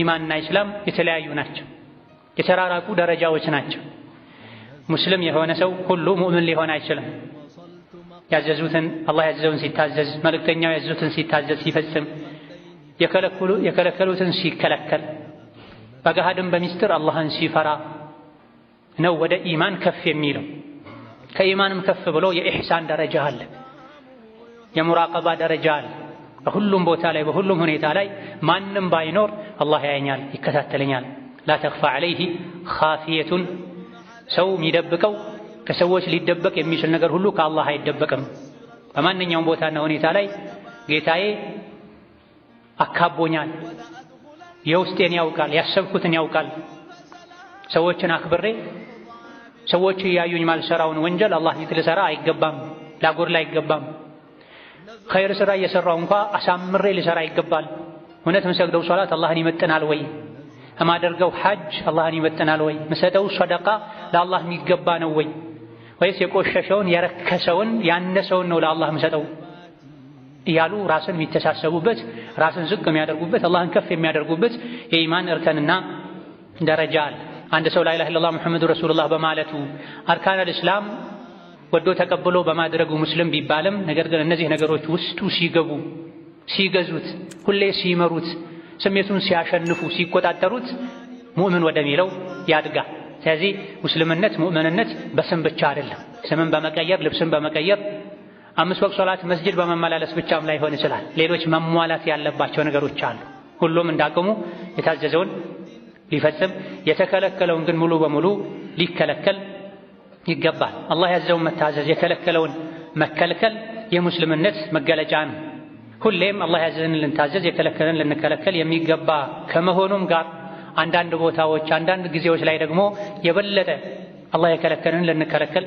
ኢማንና ኢስላም የተለያዩ ናቸው፣ የተራራቁ ደረጃዎች ናቸው። ሙስሊም የሆነ ሰው ሁሉ ሙእምን ሊሆን አይችልም። ያዘዙትን አላህ ያዘዘውን ሲታዘዝ፣ መልእክተኛው ያዘዙትን ሲታዘዝ ሲፈጽም፣ የከለከሉትን ሲከለከል፣ በገሃድም በሚስጥር አላህን ሲፈራ ነው ወደ ኢማን ከፍ የሚለው። ከኢማንም ከፍ ብሎ የኢሕሳን ደረጃ አለ፣ የሙራቀባ ደረጃ አለ። በሁሉም ቦታ ላይ በሁሉም ሁኔታ ላይ ማንም ባይኖር አላህ ያየኛል፣ ይከታተለኛል። ላ ተኽፋ ዐለይሂ ኻፊየቱን ሰው የሚደብቀው ከሰዎች ሊደበቅ የሚችል ነገር ሁሉ ከአላህ አይደበቅም። በማንኛውም ቦታና ሁኔታ ላይ ጌታዬ አካቦኛል፣ የውስጤን ያውቃል፣ ያሰብኩትን ያውቃል። ሰዎችን አክብሬ ሰዎች እያዩኝ ማልሰራውን ወንጀል አላህ ፊት ልሰራ አይገባም፣ ላጎድል አይገባም። ኸይር ስራ እየሰራው እንኳ አሳምሬ ልሰራ ይገባል። እውነት የምሰግደው ሶላት አላህን ይመጥናል ወይ? የማደርገው ሐጅ አላህን ይመጥናል ወይ? ምሰጠው ሰደቃ ለአላህ የሚገባ ነው ወይ? ወይስ የቆሸሸውን የረከሰውን ያነሰውን ነው ለአላህ ምሰጠው እያሉ ራስን የሚተሳሰቡበት ራስን ዝቅ የሚያደርጉበት አላህን ከፍ የሚያደርጉበት የኢማን እርከንና ደረጃ አለ። አንድ ሰው ላኢላሃ ኢለላህ ሙሐመዱ ረሱሉላህ በማለቱ አርካነል እስላም ወዶ ተቀብሎ በማድረጉ ሙስልም ቢባልም ነገር ግን እነዚህ ነገሮች ውስጡ ሲገቡ ሲገዙት፣ ሁሌ ሲመሩት፣ ስሜቱን ሲያሸንፉ፣ ሲቆጣጠሩት ሙእምን ወደሚለው ያድጋ። ስለዚህ ሙስልምነት ሙእምንነት በስም ብቻ አይደለም። ስምን በመቀየር ልብስን በመቀየር አምስት ወቅት ሶላት መስጅድ በመመላለስ ብቻም ላይሆን ይችላል። ሌሎች መሟላት ያለባቸው ነገሮች አሉ። ሁሉም እንዳቅሙ የታዘዘውን ሊፈጽም የተከለከለውን ግን ሙሉ በሙሉ ሊከለከል ይገባል። አላህ ያዘውን መታዘዝ የከለከለውን መከልከል የሙስልምነት መገለጫ ነው። ሁሌም አላህ ያዘዘን ልንታዘዝ የከለከለን ልንከለከል የሚገባ ከመሆኑም ጋር አንዳንድ ቦታዎች አንዳንድ ጊዜዎች ላይ ደግሞ የበለጠ አላህ የከለከለንን ልንከለከል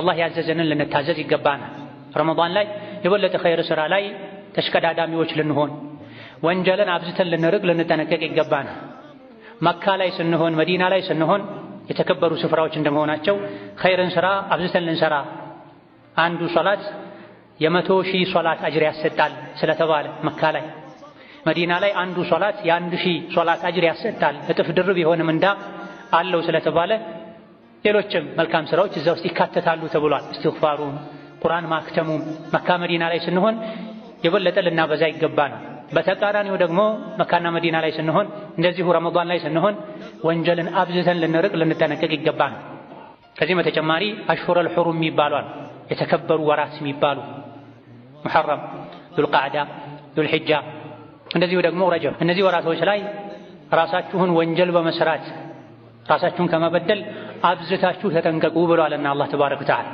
አላህ ያዘዘንን ልንታዘዝ ይገባናል። ረመዳን ላይ የበለጠ ኸይር ሥራ ላይ ተሽቀዳዳሚዎች ልንሆን፣ ወንጀልን አብዝተን ልንርቅ ልንጠነቀቅ ይገባናል። መካ ላይ ስንሆን፣ መዲና ላይ ስንሆን የተከበሩ ስፍራዎች እንደመሆናቸው ኸይርን ሥራ አብዝተን ልንሰራ አንዱ ሶላት የመቶ ሺህ ሶላት አጅር ያሰጣል ስለተባለ መካ ላይ መዲና ላይ አንዱ ሶላት የአንድ ሺህ ሶላት አጅር ያሰጣል እጥፍ ድርብ የሆነ ምንዳ አለው ስለተባለ ሌሎችም መልካም ስራዎች እዛ ውስጥ ይካተታሉ ተብሏል። እስትግፋሩም ቁርአን ማክተሙም መካ መዲና ላይ ስንሆን የበለጠ ልናበዛ ይገባ ነው። በተቃራኒው ደግሞ መካና መዲና ላይ ስንሆን እንደዚሁ ረመዷን ላይ ስንሆን ወንጀልን አብዝተን ልንርቅ ልንጠነቀቅ ይገባ ነው። ከዚህም በተጨማሪ አሽሁረል ሑሩም የሚባሏል የተከበሩ ወራት የሚባሉ ሙሐረም፣ ዙልቃዕዳ፣ ዙልሒጃ እንደዚሁ ደግሞ ረጀብ። እነዚህ ወራቶች ላይ ራሳችሁን ወንጀል በመስራት ራሳችሁን ከመበደል አብዝታችሁ ተጠንቀቁ ብሏልና አላህ ተባረከ ወተዓላ